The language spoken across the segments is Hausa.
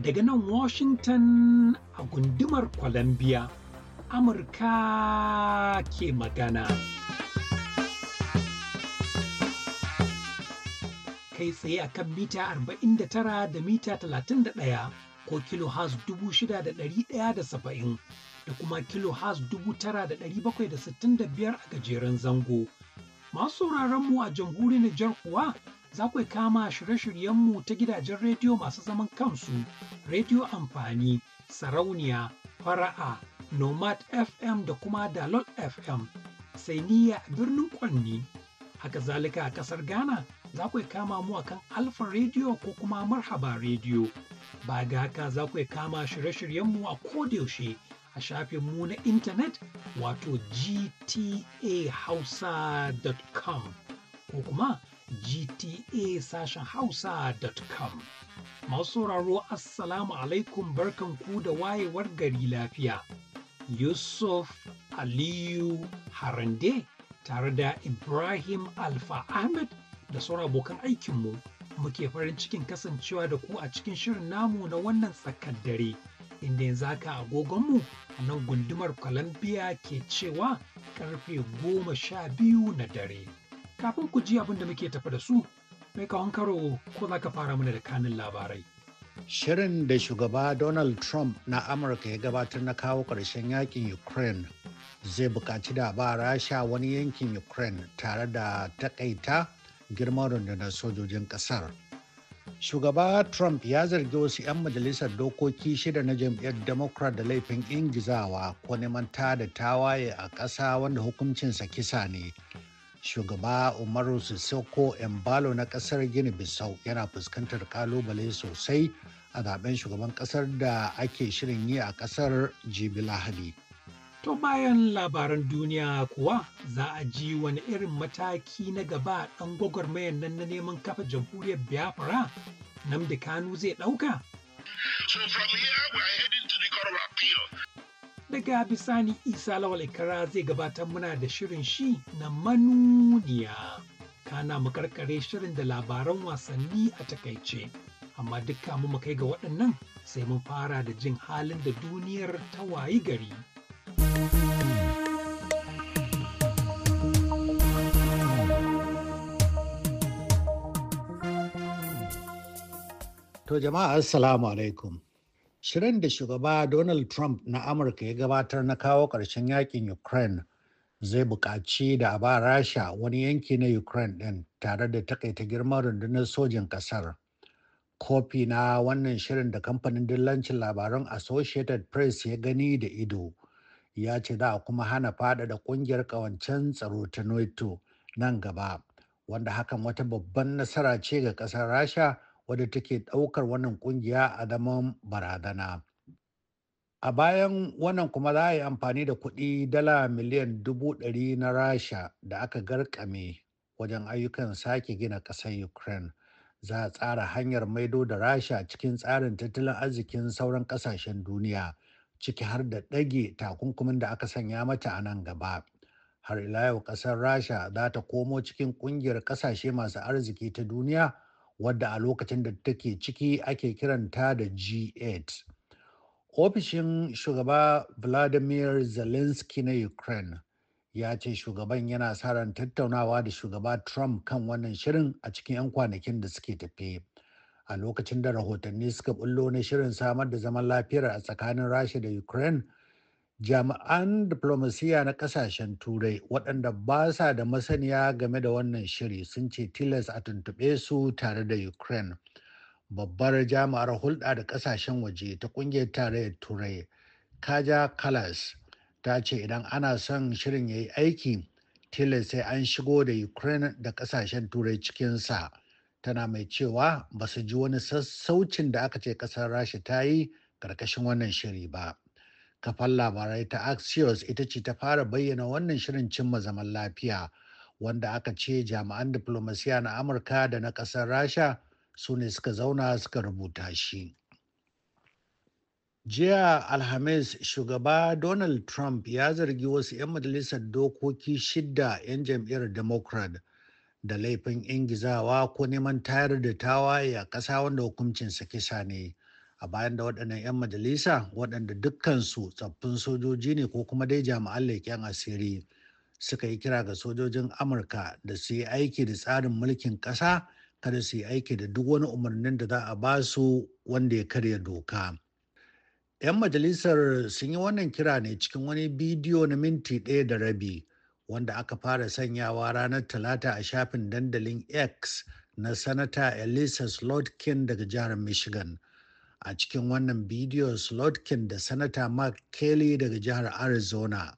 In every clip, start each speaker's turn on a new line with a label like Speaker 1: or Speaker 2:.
Speaker 1: Daga nan Washington a gundumar Columbia, Amurka ke magana. Kai tsaye a kan mita 49 da mita 31 ko kilo has 6,170. da kuma kilo has 9,765 a gajeren zango Masu sauraron mu a jamhuriyar Nijar kuwa za ku kama shirye-shiryenmu ta gidajen rediyo masu zaman kansu, rediyo amfani, sarauniya, fara'a, nomad FM da kuma Dalot FM, sai ni a birnin Kwanni. Haka zalika a ƙasar Ghana za ku kama mu a kan Alfa rediyo ko kuma Marhaba rediyo? Ba ga haka za ku kama shirye-shiryenmu a yaushe. a shafin mu na intanet wato gtahausa.com ko kuma gta sashen hausa.com. Masu sauraro Assalamu alaikum barkan ku da wayewar gari lafiya. Yusuf Aliyu Harande tare da Ibrahim Alfa Ahmed da sauran abokan aikinmu muke farin cikin kasancewa da ku a cikin shirin namu na wannan tsakar dare. inda yanzu haka agogonmu a nan gundumar Columbia ke cewa karfe goma sha biyu na dare. Kafin ku ji abin da muke tafa da su, mai kawon karo ko za ka fara mana da kanin labarai.
Speaker 2: Shirin da shugaba Donald Trump na Amurka ya gabatar na kawo ƙarshen yakin Ukraine zai buƙaci da ba rasha wani yankin Ukraine tare da taƙaita girman rundunar sojojin ƙasar. shugaba trump ya zargi wasu 'yan majalisar dokoki shida na jam'iyyar democrat da laifin ingizawa ko neman ta da tawaye a ƙasa wanda hukuncinsa kisa ne shugaba umaru sissoko embalo na ƙasar gini bisau yana fuskantar kalubale sosai a zaben shugaban ƙasar da ake shirin yi a ƙasar
Speaker 1: jibi lahadi To bayan labaran duniya kuwa za a ji wani irin mataki na gaba ɗan gwagwarmayar nan na neman kafa jamhuriyar Biafra Namdi Kanu zai ɗauka.
Speaker 3: So from here we are heading to the Court of
Speaker 1: Daga bisani Isa Lawal Ikara zai gabatar muna da shirin shi na manuniya. Kana mu karkare shirin da labaran wasanni a takaice. Amma dukka mu kai ga waɗannan sai mun fara da jin halin da duniyar ta wayi gari.
Speaker 2: To jama'a assalamu alaikum. Shirin da shugaba Donald Trump na Amurka ya gabatar na kawo ƙarshen yakin Ukraine zai buƙaci da a ba Rasha wani yanki na Ukraine ɗin tare da takaita girman rundunar sojin ƙasar. Kofi na wannan shirin da kamfanin dillancin labaran Associated Press ya gani da ido ya ce da kuma hana faɗaɗa ƙungiyar ƙawancen tsaro ta nato nan gaba wanda hakan wata babban nasara ce ga ƙasar rasha wadda take ɗaukar wannan ƙungiya a zaman barazana a bayan wannan kuma za a yi amfani da kuɗi dala miliyan dubu ɗari na rasha da aka garkame wajen ayyukan sake gina ƙasar ukraine za a tsara hanyar maido da rasha cikin tsarin tattalin arzikin sauran ƙasashen duniya ciki har da ɗage takunkumin da aka sanya mata a nan gaba. Har ila yau ƙasar Rasha za ta komo cikin ƙungiyar ƙasashe masu arziki ta duniya wadda a lokacin da take ciki ake kiranta da G8. Ofishin shugaba Vladimir Zelensky na Ukraine ya ce shugaban yana sa ran tattaunawa da shugaba Trump kan wannan shirin a cikin 'yan kwanakin da suke tafe. a lokacin da rahotanni suka bullo na shirin samar da zaman lafiyar a tsakanin rasha da ukraine jami'an diplomasiya na kasashen turai waɗanda ba sa da masaniya game da wannan shiri sun ce tilas a tuntuɓe su tare da ukraine babbar jami'ar hulɗa da kasashen waje ta ƙungiyar tarayyar turai kaja kalas ta ce idan ana son shirin ya yi aiki tilas sai an shigo da ukraine da kasashen turai cikinsa tana mai cewa ba su ji wani sassaucin da aka ce kasar rasha ta yi karkashin wannan shiri ba kafan labarai ta axios ita ce ta fara bayyana wannan shirin cimma zaman lafiya wanda aka ce jami'an diplomasiya na amurka da na kasar rasha su ne suka zauna suka rubuta shi jiya alhamis shugaba donald trump ya zargi wasu 'yan majalisar dokoki shidda 'yan jam'iyyar democrat da laifin ingizawa ko neman tayar da tawaye a ƙasa wanda hukuncinsa kisa ne a bayan da waɗannan 'yan majalisa waɗanda dukkansu tsoffin sojoji ne ko kuma dai jami'an laifin asiri suka yi kira ga sojojin amurka da su yi aiki da tsarin mulkin ƙasa kada su yi aiki da duk wani umarnin da za a ba su wanda ya karya doka 'yan majalisar sun yi wannan kira ne cikin wani bidiyo na minti ɗaya da rabi wanda aka fara sanyawa ranar talata a shafin dandalin x na sanata elisa slotkin daga jihar michigan a cikin wannan bidiyo slotkin da sanata mark kelly daga jihar arizona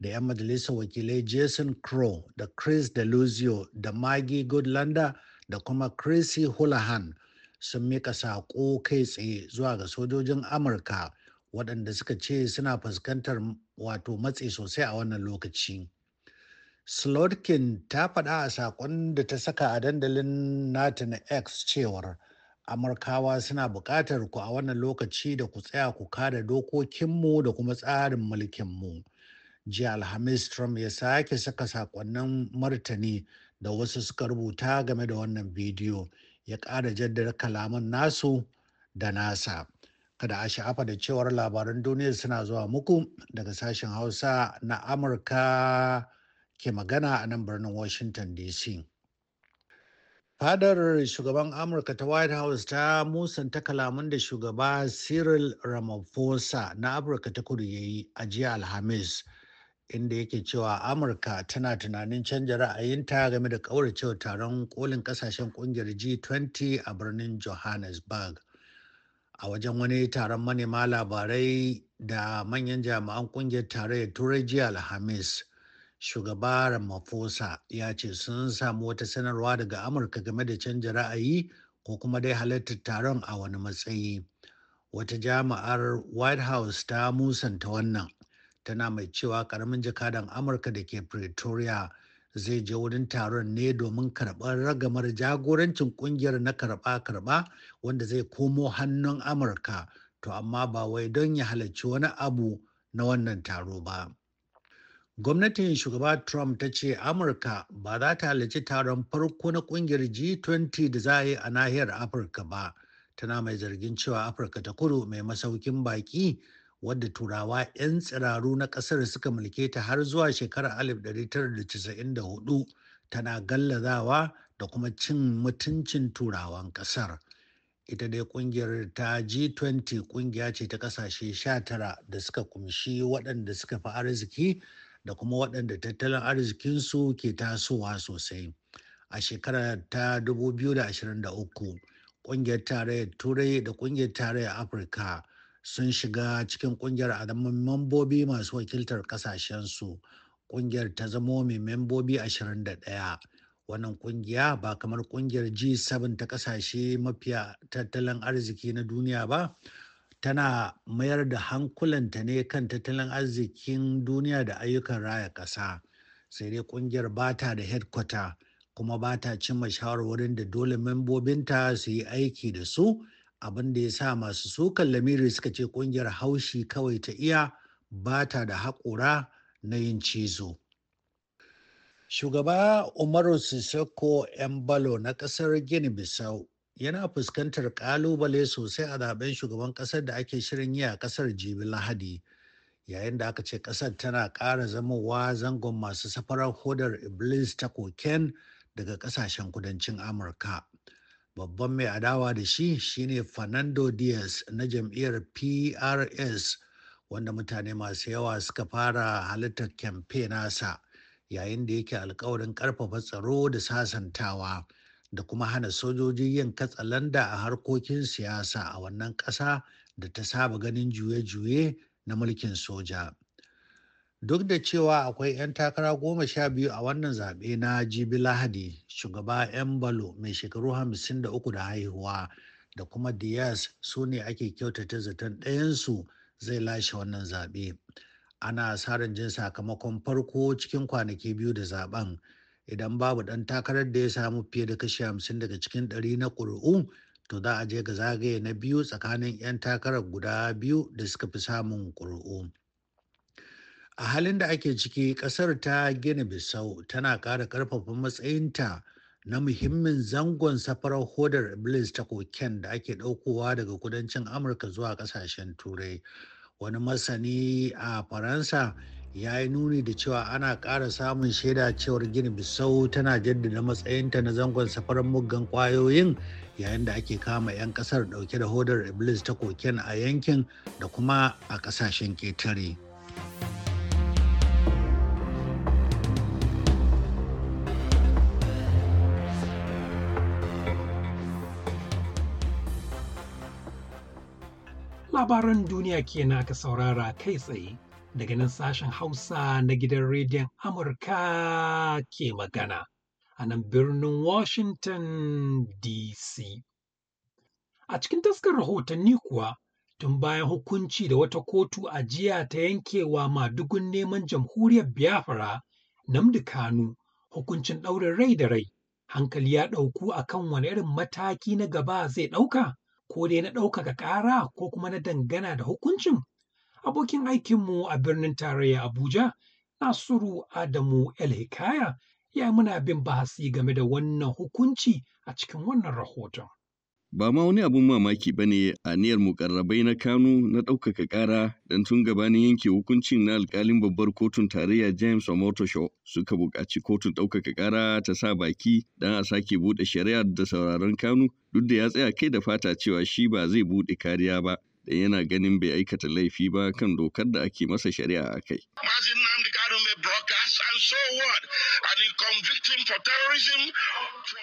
Speaker 2: da 'yan majalisar wakilai jason crow da chris deluzio da maggie goodlander da kuma chrissy hulahan sun mika saƙo kai tsaye zuwa ga sojojin amurka waɗanda suka ce suna fuskantar wato matsi sosai a wannan lokaci. Slotkin ta faɗa a saƙon da ta saka a dandalin nata na X cewar, Amurkawa suna buƙatar ku a wannan lokaci da ku tsaya ku kada dokokinmu da kuma tsarin mulkinmu. Jiya Alhamis Trump ya sake saka saƙonnin martani da wasu suka rubuta game da wannan bidiyo ya ƙara jaddada kalaman nasu da nasa. Kada a sha'afa da cewar labaran duniya suna zuwa muku daga sashen Hausa na Amurka. ke magana a nan birnin Washington DC. Fadar shugaban Amurka ta White House ta musanta kalaman da shugaba Cyril Ramaphosa na Afirka ta kudu ya a jiya Alhamis, inda yake cewa Amurka tana tunanin canja ra'ayinta game da kauracewa taron kolin kasashen kungiyar G20 a birnin Johannesburg. A wajen wani taron manema labarai da manyan jami'an kungiyar tarayyar Turai jiya Alhamis. shugaba Ramaphosa ya ce sun samu wata sanarwa daga Amurka game da canja ra'ayi ko kuma dai halartar taron a wani matsayi. Wata jami'ar White House ta musanta wannan tana mai cewa karamin jakadan Amurka da ke Pretoria zai je wurin taron ne domin karɓar ragamar jagorancin kungiyar na karɓa-karɓa wanda zai komo hannun Amurka to amma ba wai don ya halarci wani abu na wannan taro ba. Gwamnatin shugaba Trump ta ce Amurka ba za ta halarci taron farko na kungiyar G20 da za a yi a nahiyar Afirka ba. Tana mai zargin cewa Afirka ta kudu mai masaukin baki wadda turawa 'yan tsiraru na ƙasar suka mulke ta har zuwa shekarar 1994 tana gallazawa da kuma cin mutuncin turawan ƙasar. ita dai kungiyar ta G20 kungiya ce ta kasashe 19 da suka kumshi waɗanda suka fi arziki da kuma waɗanda tattalin arzikinsu ke tasowa sosai. A shekarar ta 2023, ƙungiyar tarayyar Turai da ƙungiyar tarayyar Afirka sun shiga cikin ƙungiyar adamin membobi masu wakiltar ƙasashensu. Ƙungiyar ta zamo mai membobi 21. Wannan ƙungiya ba kamar ƙungiyar G7 ta ƙasashe mafiya tattalin arziki na duniya ba. tana mayar da hankulanta ne kan tattalin arzikin duniya da ayyukan raya ƙasa sai dai kungiyar bata da headquarter kuma bata cimma shawarwarin da dole membobinta su yi aiki da su abin da ya sa masu sukan lamiri suka ce ƙungiyar haushi kawai ta iya bata da haƙura na yin cizo shugaba umaru sissoko embalo na ƙasar gini bisau yana fuskantar kalubale sosai a zaben shugaban kasar da ake shirin yi a kasar jibi lahadi yayin da aka ce kasar tana ƙara zamowa zangon masu safarar hodar iblis ta koken daga kasashen kudancin amurka babban mai adawa da shi shine fernando diaz na jam'iyyar prs wanda mutane masu yawa suka fara halittar kyamfe nasa yayin da yake alkawarin karfafa tsaro da sasantawa. da kuma hana sojoji yin katsalanda a harkokin siyasa a wannan ƙasa da ta saba ganin juye-juye na mulkin soja. Duk da cewa akwai 'yan takara goma sha biyu a wannan zaɓe na Jibi Lahadi, shugaba Embalo mai shekaru hamsin da uku da haihuwa da kuma Diaz su ne ake kyautata zaton ɗayansu zai lashe wannan zaɓe. Ana sa jin sakamakon farko cikin kwanaki biyu da zaɓen. idan babu dan takarar da ya samu fiye da kashi hamsin daga cikin ɗari na ƙuri'u to za a je ga zagaye na biyu tsakanin 'yan takarar guda biyu da suka fi samun ƙuri'u. a halin da ake ciki ƙasar ta gina bisa'u tana ƙara ƙarfafa matsayinta na muhimmin zangon safarar hodar iblis ta koken da ake ɗaukowa daga kudancin amurka zuwa ƙasashen turai wani masani a faransa ya yi nuni da cewa ana ƙara samun shaida cewar gini bisau tana jaddada matsayinta na zangon safarin muggan kwayoyin yayin da ake kama 'yan ƙasar ɗauke da hodar iblis ta koken a yankin da kuma a ƙasashen ƙetare.
Speaker 1: labaran duniya ke na ka saurara kai tsaye daga nan sashen Hausa na gidan rediyon Amurka ke magana a nan birnin Washington DC. A cikin taskar rahotanni kuwa, tun bayan hukunci da wata kotu a jiya ta yankewa madugun neman jamhuriyar Biafra, Namdi Kanu, hukuncin ɗaurin rai da rai, hankali ya ɗauku a kan wani irin mataki na gaba zai ɗauka, ko dai na ɗaukaka ƙara ko kuma na dangana da hukuncin. Abokin aikinmu a birnin tarayya Abuja, Nasiru Adamu El-Hikaya, ya muna bin bahasi game da wannan hukunci a cikin wannan rahoton.
Speaker 3: Ba ma wani abin mamaki ba ne a niyar mukarrabai na Kano na ɗaukaka ƙara don tun gabanin yanke hukuncin na alkalin babbar kotun tarayya James Omotosho suka buƙaci kotun ɗaukaka ƙara ta sa baki don a sake buɗe shari'ar da sauraron Kano duk da ya tsaya kai da fata cewa shi ba zai buɗe kariya ba da yana ganin bai aikata laifi ba kan dokar da ake masa shari'a a kai.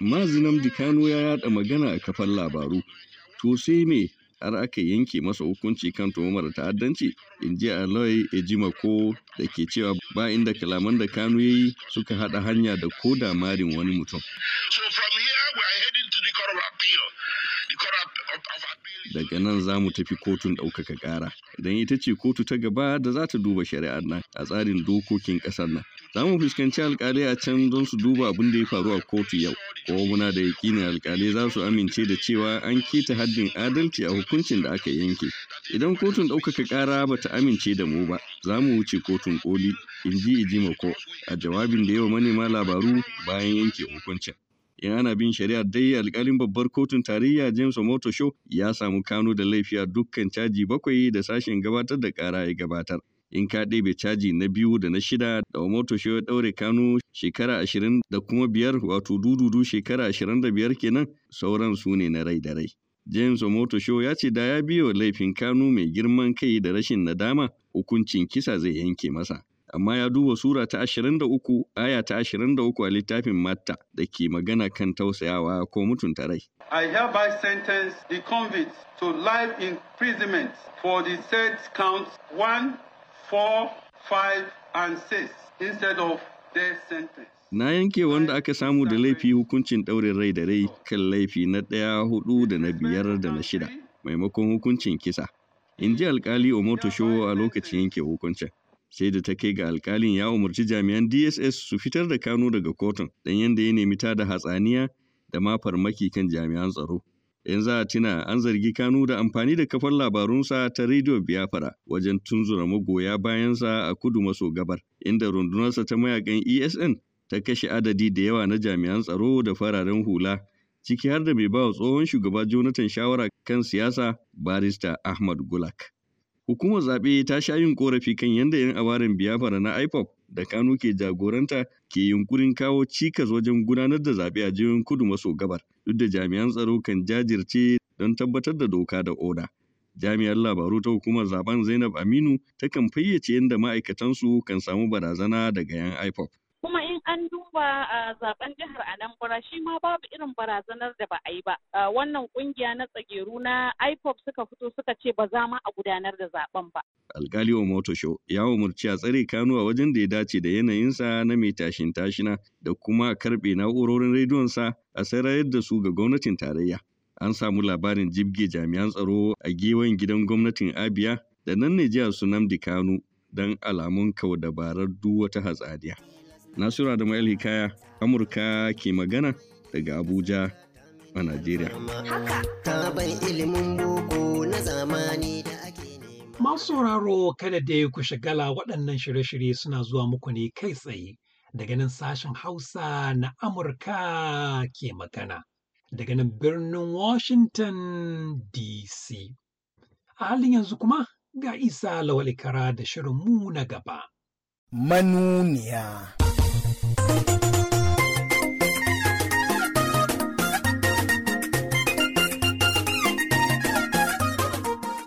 Speaker 3: Mazinam Dikano ya yada magana a kafar labaru. To sai me har aka yanke masa hukunci kan tuhumar ta'addanci in ji aloy ejimako da ke cewa ba inda kalaman da Kano ya yi suka haɗa hanya da ko da marin wani mutum.
Speaker 4: So from here we are to the
Speaker 3: daga nan za mu tafi kotun ɗaukaka ƙara don ita ce kotu ta gaba da za ta duba shari'ar nan a tsarin dokokin ƙasar nan za mu fuskanci alƙalai a can don su duba abin da ya faru a kotu yau ko muna da yaƙinin alƙalai za su amince da cewa an keta haddin adalci a hukuncin da aka yanke idan kotun ɗaukaka ƙara ba ta amince da mu ba za mu wuce kotun koli in ji ijimako a jawabin da yawa manema labaru bayan yanke hukuncin in ana bin shari'a, dai alkalin babbar kotun tarayya james omoto show ya samu kano da laifi a dukkan caji bakwai da sashen gabatar da kara ya gabatar in ka ɗebe caji na biyu da na shida da omoto show ya ɗaure kano shekara ashirin da kuma biyar wato dududu shekara ashirin da biyar kenan sauran su ne na rai da rai James Omoto Show ya ce da ya biyo laifin Kano mai girman kai da rashin nadama hukuncin kisa zai yanke masa. amma ya duba Sura ta 23 aya ta 23 a littafin Matta da ke magana kan tausayawa ko mutunta rai.
Speaker 5: I hereby sentence the convicts to life imprisonment for the said counts 1, 4, 5 and 6 instead of death sentence.
Speaker 3: Na yanke wanda aka samu da laifi hukuncin ɗaurin rai da rai kan laifi na ɗaya, hudu da na biyar da na shida maimakon hukuncin kisa. In ji alkali Shoho a lokacin yanke hukuncin. sai da ta kai ga alkalin ya umarci jami'an dss su fitar da kano daga kotun dan yadda ya nemi ta da hatsaniya da ma farmaki kan jami'an tsaro in za a tuna an zargi Kano da amfani da kafar labarunsa ta rediyo biafra wajen tunzura magoya bayansa a kudu maso gabar inda rundunarsa ta mayakan esn ta kashe adadi da yawa na jami'an tsaro da fararen hula ciki har da mai ba tsohon shugaba jonathan shawara kan siyasa barista ahmad gulak Hukumar zaɓe ta sha yin ƙorafi kan yadda 'yan awarin biyafara na IPOP da Kano ke jagoranta ke yunkurin kawo cikas wajen gudanar da zaɓe a jihohin kudu maso gabar, duk da jami'an tsaro kan jajirce don tabbatar da doka da oda. Jami'an labaru ta hukumar zaben Zainab Aminu ta kan fayyace yadda ma'aikatansu kan samu barazana daga 'yan IPOP.
Speaker 6: an duba zaben
Speaker 2: jihar Anambra shi ma babu irin barazanar da ba a yi ba. Wannan kungiya na tsageru
Speaker 6: na IPOP suka fito suka ce ba za ma a gudanar da zaben ba.
Speaker 3: Alkali Omoto Show ya umarci a tsare Kano a wajen da ya dace da yanayinsa na mai tashin tashina da kuma karbe na'urorin rediyonsa a sarayar da su ga gwamnatin tarayya. An samu labarin jibge jami'an tsaro a gewayen gidan gwamnatin Abia da nan ne jihar Sunamdi Kano don alamun kau dabarar duwata wata Nasiru da Hikaya, Amurka ke magana daga Abuja a Najeriya.
Speaker 1: Masu sauraro kada dai ku shagala waɗannan shirye-shirye suna zuwa muku ne kai tsaye daga nan sashen Hausa na Amurka ke magana daga nan birnin Washington DC. A halin yanzu kuma ga Isa Lawalikara da shirin mu na gaba. Manuniya.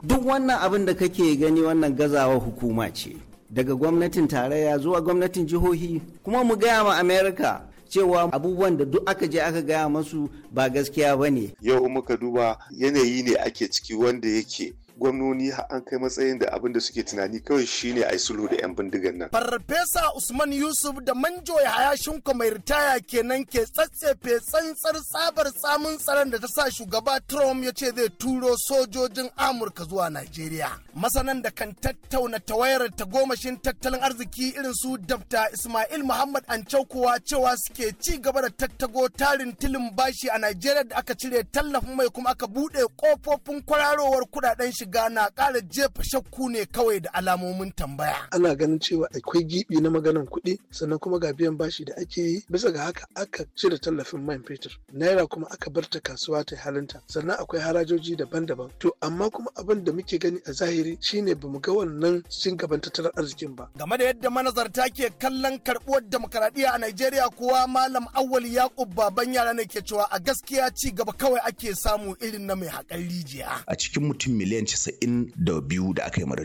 Speaker 6: duk wannan abin da kake gani wannan gazawa hukuma ce daga gwamnatin tarayya zuwa gwamnatin jihohi kuma mu gaya ma amerika cewa abubuwan da duk aka je aka gaya masu ba gaskiya ba ne. Yau muka duba yanayi ne
Speaker 4: ake ciki wanda yake gwamnoni an kai matsayin da abin da suke tunani kawai shine a sulhu da 'yan bindigan nan.
Speaker 7: Farfesa Usman Yusuf da manjo Yahaya Shinko mai ritaya kenan ke tsatsefe tsantsar sabar samun tsaron da ta sa shugaba Trump ya ce zai turo sojojin Amurka zuwa Najeriya. Masanan da kan tattauna ta tawayar tagomashin tattalin arziki irin su Dabta Ismail Muhammad Ancau cewa suke ci gaba da tattago tarin tilin bashi a Najeriya da aka cire tallafin mai kuma aka buɗe kofofin kwararowar kuɗaɗen shiga riga na ƙara jefa shakku ne kawai da alamomin tambaya.
Speaker 8: Ana ganin cewa akwai gibi na maganan kuɗi sannan kuma ga biyan bashi da ake yi bisa ga haka aka cire tallafin man fetur. Naira kuma aka bar ta kasuwa ta halinta sannan akwai harajoji daban-daban. To amma kuma abin da muke gani a zahiri shine bamu ga wannan cin gaban tattalin arzikin ba.
Speaker 7: Game da yadda manazarta ke kallon karɓuwar demokaradiyya a Najeriya kuwa Malam Awwal Yakub baban yara ne ke cewa a gaskiya ci gaba kawai ake samu irin na mai haƙar rijiya.
Speaker 9: A cikin mutum miliyan 92 da biyu aka yi ma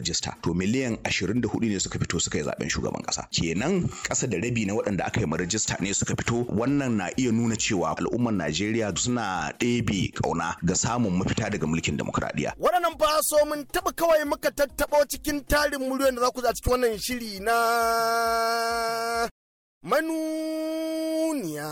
Speaker 9: to miliyan ashirin da ne suka fito suka yi zaben shugaban kasa kenan kasa da rabi na waɗanda aka yi ma ne suka fito wannan na iya nuna cewa al'ummar najeriya suna ɗebe kauna ga samun mafita daga mulkin demokradiyya
Speaker 7: waɗannan fa so mun taɓa kawai muka tattaɓo cikin tarin muryar da za ku za cikin wannan shiri na manuniya.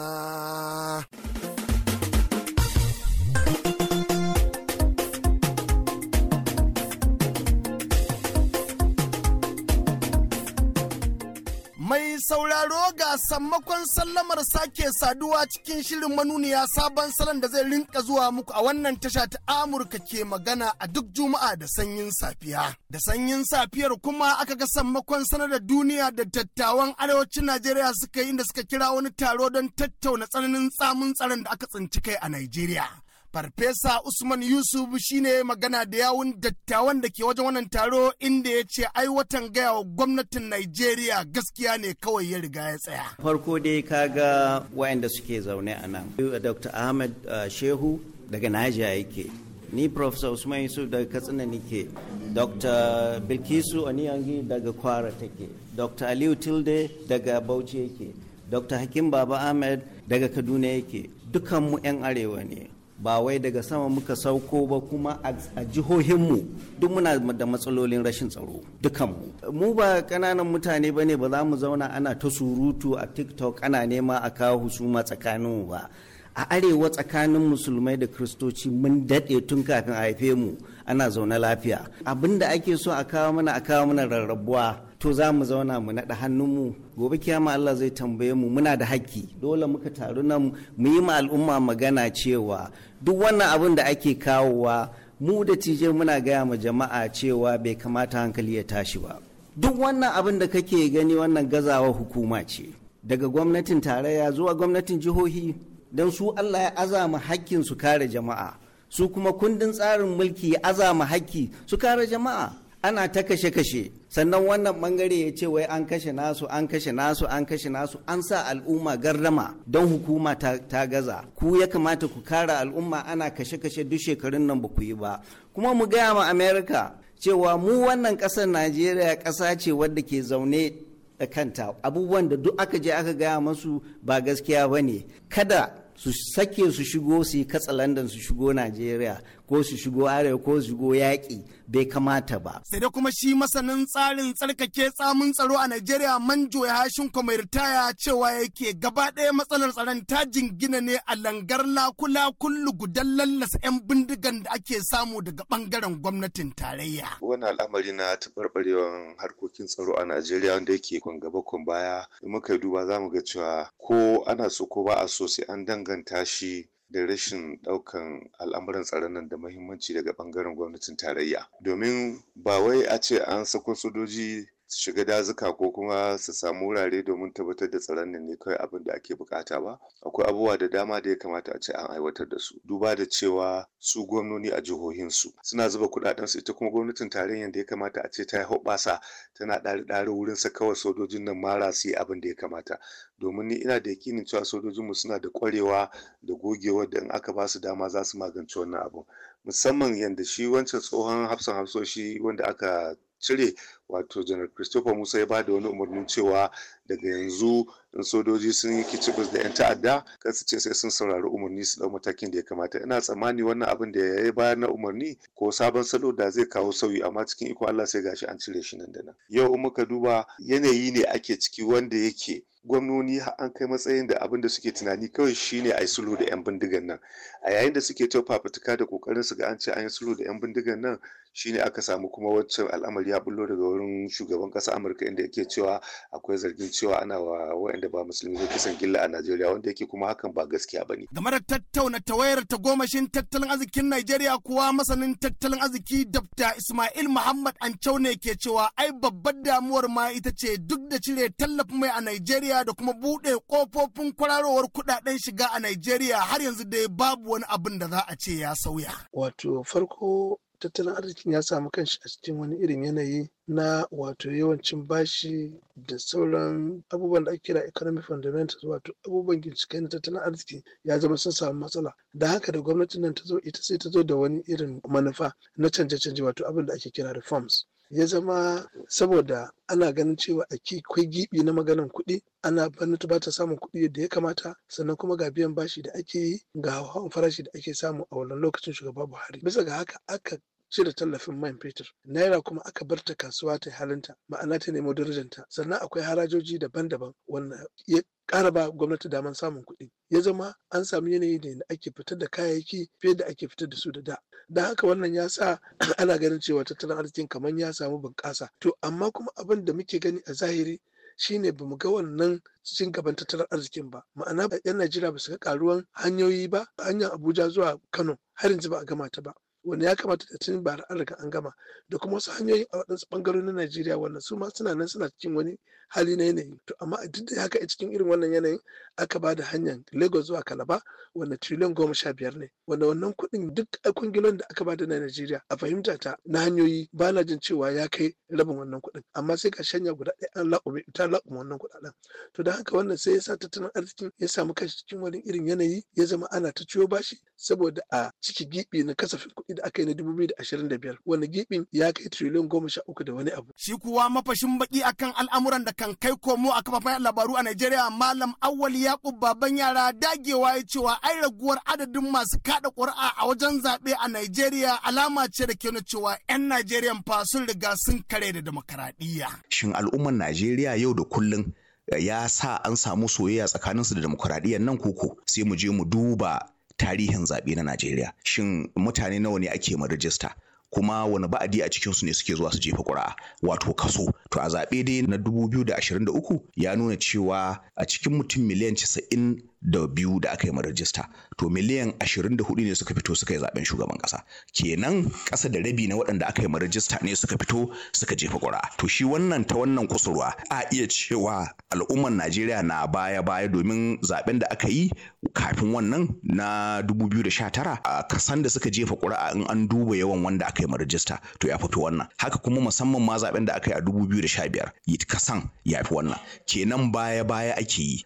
Speaker 7: Mai sauraro ga sammakon sallamar sake saduwa cikin shirin manuniya sabon salon da zai rinka zuwa muku a wannan tasha ta Amurka ke magana a duk Juma'a da sanyin safiya. Da sanyin safiyar kuma aka ga sammakon sanar da duniya da tattawan arewacin Najeriya suka yi inda suka kira wani taro don tattauna tsananin tsamin tsaron da aka tsinci kai a Najeriya. Farfesa Usman Yusuf shine magana da yawun dattawan da ke wajen wannan taro inda ya ce ai watan gaya wa gwamnatin Najeriya gaskiya ne kawai ya riga ya tsaya.
Speaker 6: Farko dai kaga wayanda suke zaune a nan. Dr. Ahmed uh, Shehu daga Naija yake. Ni prof. Usman Yusuf daga Katsina nike. Dr. Bilkisu Aniyangi daga Kwara take. Dr. Aliyu Tilde daga Bauchi yake. Dr. Hakim Baba Ahmed daga Kaduna yake. Dukanmu 'yan arewa ne. ba wai daga sama muka sauko ba kuma a jihohinmu duk muna da matsalolin rashin tsaro dukanmu mu ba kananan mutane ba ne ba za mu zauna ana ta surutu a tiktok ana nema a kawo husuma tsakaninmu ba a arewa tsakanin musulmai da kristoci mun daɗe tun kafin a haife mu ana zaune lafiya abin da ake so a kawo mana a kawo mana rarrabuwa to za mu zauna mu naɗa hannunmu gobe kiyama Allah zai tambaye mu muna da haƙƙi dole muka taru nan mu yi ma al'umma magana cewa duk wannan abin da ake kawowa mu da tije muna gaya ma jama'a cewa bai kamata hankali ya tashi ba duk wannan abin da kake gani wannan gazawa hukuma ce daga gwamnatin tarayya zuwa gwamnatin jihohi don su Allah ya azama hakkin su kare jama'a su kuma kundin tsarin mulki ya azama hakki su kare jama'a ana ta kashe-kashe sannan wannan bangare ya ce wai an kashe nasu an kashe nasu an kashe nasu an sa al'umma gardama don hukuma ta, gaza ku ya kamata ku kara al'umma ana kashe-kashe duk shekarun nan ba ku yi ba kuma mu gaya ma america cewa mu wannan ƙasar najeriya kasa ce wadda ke zaune da kanta abubuwan da duk aka je aka gaya masu ba gaskiya ba ne kada su sake su shigo su yi katsalandan su shigo najeriya ko su shigo arewa ko su shigo yaƙi bai kamata ba. Sai
Speaker 7: da kuma shi masanin tsarin tsarkake tsamin tsaro a Najeriya manjo ya hashin kuma ritaya cewa yake gaba ɗaya matsalar tsaron ta jingina ne a langar lakula kullu gudan lallasa 'yan bindigan da ake samu daga ɓangaren gwamnatin tarayya.
Speaker 4: Wani al'amari na taɓarɓarewar harkokin tsaro a Najeriya wanda yake kwan gaba kwan baya in muka duba za mu ga cewa ko ana so ko ba a so sai an danganta shi da rashin ɗaukan al'amuran tsaron nan da muhimmanci daga ɓangaren gwamnatin tarayya domin ba wai a ce an sako sojoji su shiga dazuka ko kuma su samu wurare domin tabbatar da tsaron nan ne kawai abin da ake bukata ba akwai abubuwa da dama da ya kamata a ce an aiwatar da su duba da cewa su gwamnoni a jihohinsu suna zuba kudaden su ita kuma gwamnatin tarayyar da ya kamata a ce ta yi hoɓasa tana ɗari ɗari wurin sakawar sojojin nan mara su yi abin da ya kamata domin ni ina da yakinin cewa sojojin mu suna da ƙwarewa da gogewa da in aka ba su dama za su magance wannan abun musamman yadda shi wancan tsohon hafsan hafsoshi wanda aka cire wato janar christopher musa ya da wani umarnin cewa daga yanzu in sojoji sun yi kicibis da 'yan ta'adda kan su ce sai sun saurari umarni su dau matakin da ya kamata ina tsammani wannan abin da ya yi bayar na umarni ko sabon salo da zai kawo sauyi amma cikin iko allah sai gashi an cire shi nan da nan yau in muka duba yanayi ne ake ciki wanda yake gwamnoni an kai matsayin da abin da suke tunani kawai shine a yi sulhu da 'yan bindigan nan a yayin da suke tofa da kokarin su ga an ce an yi sulhu da 'yan bindigan nan Shi ne aka samu kuma wacce al'amari ya bullo daga wurin shugaban ƙasa amurka inda yake cewa akwai zargin cewa ana wa wa'anda ba musulmi ne kisan gilla a najeriya wanda yake kuma hakan ba gaskiya ba ne
Speaker 7: game da tattauna tawayar tagomashin tattalin arzikin najeriya kuwa masanin tattalin arziki dabta ismail muhammad ancau ne ke cewa ai babbar damuwar ma ita ce duk da cire tallafin mai a najeriya da kuma buɗe kofofin kwararowar kuɗaɗen shiga a najeriya har yanzu dai babu wani abin da za a ce ya sauya
Speaker 8: wato farko tattalin arzikin ya samu kanshi a cikin wani irin yanayi na wato yawancin bashi da sauran abubuwan da ake kira economic fundamentals wato abubuwan ginshiƙai na tattalin arziki ya zama sun samu matsala da haka da gwamnatin nan ta zo ita sai ta zo da wani irin manufa na canje-canje wato abin da ake kira reforms ya zama saboda ana ganin cewa a kai gibi na maganan kuɗi ana gwamnati ta bata samun kuɗi yadda ya kamata sannan kuma ga biyan bashi da ake yi ga hawan farashi da ake samu a wannan lokacin shugaba buhari bisa ga haka aka cire tallafin man fetur naira kuma aka bar ta kasuwa ta halinta ma'ana ta nemo darajanta sannan akwai harajoji daban-daban wanda ya ƙara ba gwamnati daman samun kuɗi ya zama an samu yanayi da ake fitar da kayayyaki fiye da ake fitar da su da da don haka wannan ya sa ana ganin cewa tattalin arzikin kamar ya samu bunƙasa to amma kuma abin da muke gani a zahiri shine ba mu ga wannan cin gaban tattalin arzikin ba ma'ana yan najeriya ba su ga karuwan hanyoyi ba hanyar abuja zuwa kano har yanzu ba a gama ta ba wanda ya kamata ta cin ba an riga an gama da kuma wasu hanyoyi a waɗansu ɓangarori na najeriya wannan su ma suna nan suna cikin wani hali na yanayi to amma duk da haka a cikin irin wannan yanayin aka ba da hanyar lagos zuwa kalaba wanda triliyan goma sha biyar ne wanda wannan kuɗin duk kungilon da aka ba da na najeriya a fahimta ta na hanyoyi ba na jin cewa ya kai rabin wannan kuɗin amma sai ka shanya guda ɗaya an laƙume ta laƙume wannan kuɗaɗen to da haka wannan sai ya sa tattalin arzikin ya samu kashi cikin wani irin yanayi ya zama ana ta ciwo bashi saboda a ciki gibi na kasafin kuɗi da aka yi na 2025 wanda gibin ya kai triliyan goma sha uku da wani abu.
Speaker 7: Shi kuwa mafashin baki akan al'amuran da kan kai komo a kafafen labaru a Najeriya Malam Awwal Yakub baban yara dagewa ya cewa ai raguwar adadin masu kada ƙuri'a a wajen zaɓe a Najeriya alama ce da ke na cewa 'yan nigeria fa sun riga sun kare da demokaradiyya.
Speaker 9: Shin al'ummar Najeriya yau da kullum ya sa an samu soyayya tsakaninsu da demokuraɗiyyar nan koko sai mu je mu duba tarihin zaɓe na Najeriya. Shin mutane nawa ne ake ma rajista? kuma wani ba'adi a cikin su ne suke zuwa su jefa ƙura'a wato kaso to a zaɓe dai na 2023 ya nuna cewa a cikin mutum miliyan 90 da biyu da aka yi rajista to miliyan 24 ne suka fito suka yi zaben shugaban kasa kenan kasa da rabi na waɗanda aka yi rajista ne suka fito suka jefa ƙuri'a to shi wannan ta wannan kusurwa a iya cewa al'ummar Najeriya na baya baya domin zaben da aka yi kafin wannan na 2019 a kasan da suka jefa ƙuri'a in an duba yawan wanda aka yi rajista to ya fito wannan haka kuma musamman ma zaben da aka yi a 2015 kasan ya fi wannan kenan baya baya ake yi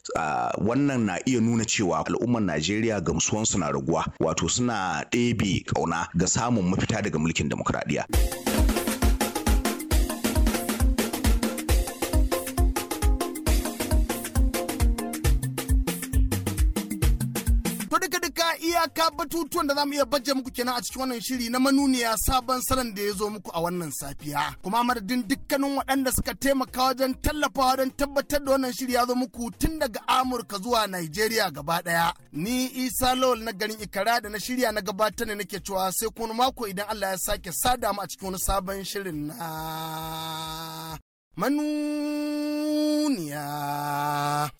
Speaker 9: wannan na iya nuna cewa al'ummar Najeriya gamsuwansu na raguwa wato suna ɗebe kauna ga samun mafita daga mulkin demokradiyya.
Speaker 7: iyaka batutuwan da za mu iya baje muku kenan a cikin wannan shiri na manuniya sabon salon da ya zo muku a wannan safiya. Kuma madadin dukkanin waɗanda suka taimaka wajen tallafawa don tabbatar da wannan shiri ya zo muku tun daga Amurka zuwa nigeria gaba ɗaya. Ni Isa Lawal na garin Ikara da na shirya na gabata ne nake cewa sai kuma mako idan Allah ya sake sada mu a cikin wani sabon shirin na manuniya.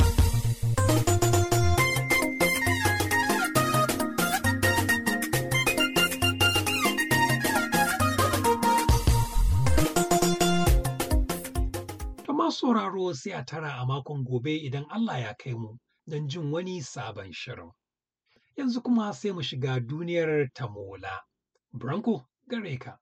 Speaker 1: masu sauraro sai a tara a makon gobe idan Allah ya kai mu don jin wani sabon shirin. Yanzu kuma sai mu shiga duniyar tamola. Branko, gare ka.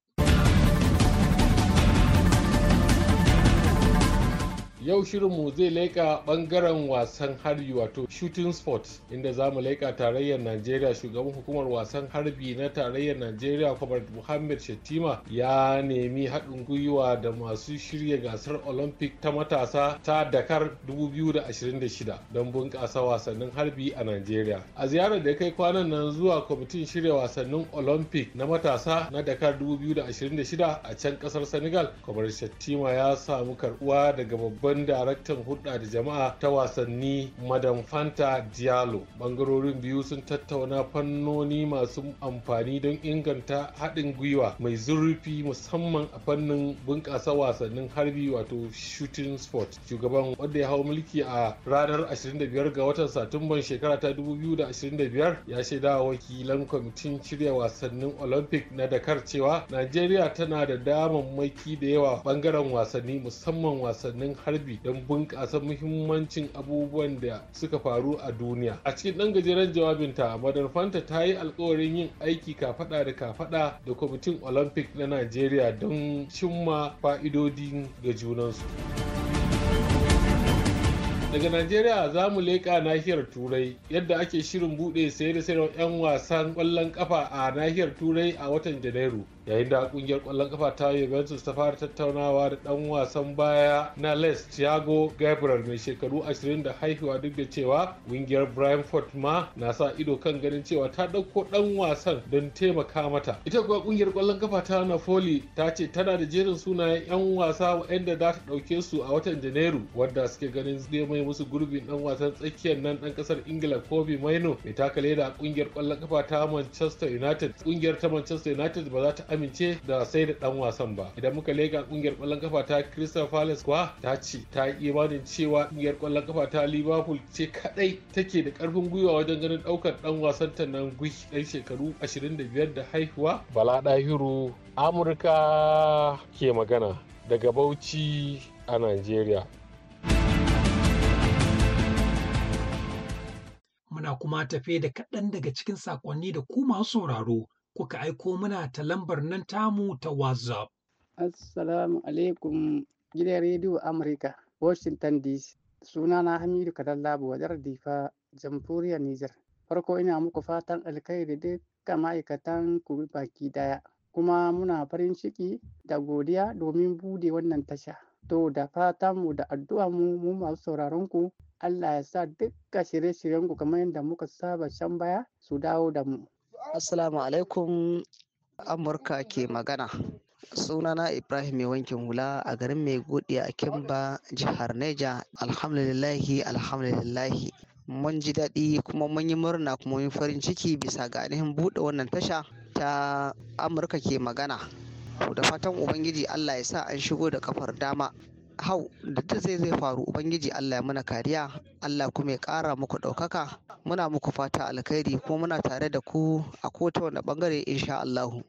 Speaker 5: yau shirinmu zai laika bangaren wasan harbi wato shooting sport inda za mu laika tarayyar najeriya shugaban hukumar wasan harbi na tarayyar najeriya kwamar muhammad shettima ya nemi haɗin gwiwa da masu shirya gasar olympic ta matasa ta dakar 2026 don bunƙasa wasannin harbi a najeriya a ziyarar da kai kwanan nan zuwa kwamitin shirya wasannin olympic na matasa na dakar 2026 a can ƙasar senegal kwamar shettima ya samu karɓuwa daga babban babban daraktan hudda da jama'a ta wasanni madam fanta diallo bangarorin biyu sun tattauna fannoni masu amfani don inganta haɗin gwiwa mai zurfi musamman a fannin bunƙasa wasannin harbi wato shooting sport shugaban wanda ya hau mulki a ranar 25 ga watan satumban shekara ta 2025 ya shaida wakilan kwamitin shirya wasannin olympic na dakar cewa najeriya tana da damammaki da yawa bangaren wasanni musamman wasannin harbi harbi don bunƙasa muhimmancin abubuwan da suka faru a duniya a cikin ɗan gajeren jawabinta madar fanta ta yi alkawarin yin aiki kafaɗa da kafaɗa da kwamitin olympic na nigeria don cimma fa'idodin ga junansu daga najeriya za mu leƙa nahiyar turai yadda ake shirin buɗe saye da sayarwar 'yan wasan kwallon ƙafa a nahiyar turai a watan janairu yayin da kungiyar kwallon kafa ta Juventus ta fara tattaunawa da dan wasan baya na Les Thiago Gabriel mai shekaru 20 da haihuwa duk da cewa kungiyar Brentford ma na sa ido kan ganin cewa ta dauko dan wasan don taimaka mata ita kuwa kungiyar kwallon kafa ta Napoli ta ce tana da jerin sunayen yan wasa waɗanda za ta dauke su a watan Janairu wanda suke ganin zai mai musu gurbin dan wasan tsakiyar nan dan kasar Ingila Kobe Maino mai takale da kungiyar kwallon kafa ta Manchester United kungiyar ta Manchester United ba za ta amince da sai da dan wasan ba idan muka lega kungiyar kwallon kafa ta crystal palace kuwa ta ce ta yi imanin cewa kungiyar kwallon kafa ta liverpool ce kadai take da karfin gwiwa wajen ganin daukar dan wasan ta nan gwi dan shekaru 25 da haihuwa bala dahiru amurka ke magana daga bauchi a nigeria
Speaker 1: muna kuma tafe da kaɗan daga cikin sakonni da ku masu sauraro kuka aiko mana ta lambar nan tamu ta WhatsApp.
Speaker 6: Assalamu alaikum gidan rediyo Amurka, Washington DC. Suna na Hamidu Kadallabu wajar Difa, Jamhuriyar Nijar. Farko ina muku fatan alkhairi dukkan ma'aikatan ku baki daya. Kuma
Speaker 2: muna farin ciki da godiya domin bude wannan tasha. To da fatan mu da addu'a mu mu masu sauraron ku Allah ya sa duka shirye-shiryen ku kamar yadda muka saba
Speaker 6: can baya su dawo da mu. Assalamu alaikum Amurka ke magana. sunana ibrahim mai wankin hula a garin mai godiya a kimba jihar neja alhamdulillahi alhamdulillahi mun ji daɗi kuma mun yi murna kuma mun farin ciki bisa ga ainihin buɗe wannan tasha ta amurka ke magana da fatan ubangiji allah ya sa an shigo da kafar dama hau da ta zai zai faru ubangiji allah ya mana kariya allah kuma ya kara muku ɗaukaka muna muku fata alkhairi kuma muna tare da ku a kowace wani ɓangare insha allahu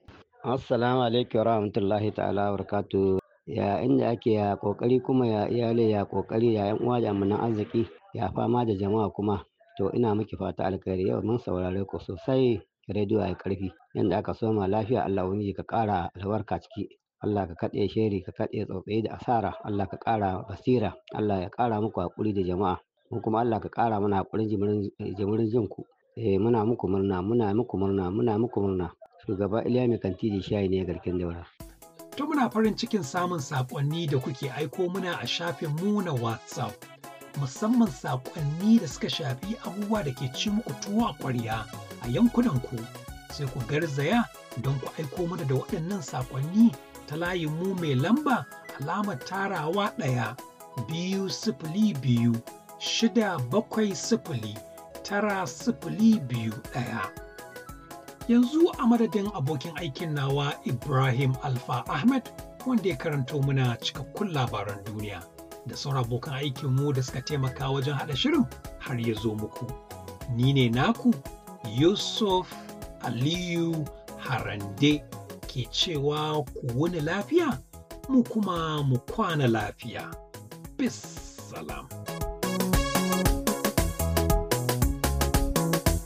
Speaker 6: assalamu alaikum rahmatullahi ta'ala barkatu ya inda ake ya kokari kuma ya iyali ya kokari ya yan uwa da amanan arziki ya fama da jama'a kuma to ina miki fata alkhairi yau mun saurare ku sosai rediyo ya karfi yadda aka soma lafiya Allah wani ka kara albarka ciki Allah ka kaɗe sheri ka kaɗe tsautsayi da asara Allah ka ƙara basira Allah ya ƙara muku haƙuri da jama'a mu kuma Allah ka ƙara mana haƙurin jimirin jin ku eh muna muku murna muna muku murna muna muku murna shugaba Iliya mai kanti da shayi ne garkin daura
Speaker 1: to muna farin cikin samun saƙonni da kuke aiko muna a shafin mu na WhatsApp musamman saƙonni da suka shafi abubuwa da ke ci muku tuwo a ƙwarya a yankunan ku sai ku garzaya don ku aiko mana da waɗannan saƙonni ta layin mu mai lamba alamar tarawa ɗaya biyu sifili biyu shida bakwai sifili tara sifili biyu ɗaya. Yanzu a madadin abokin aikin nawa Ibrahim Alfa Ahmed wanda ya karanto mana cikakkun labaran duniya da sauran abokan aikinmu da suka taimaka wajen haɗa shirin har ya zo muku. Ni ne naku Yusuf Aliyu Harande. ke cewa ku wuni lafiya, mu kuma mu kwana lafiya. Peace, salam.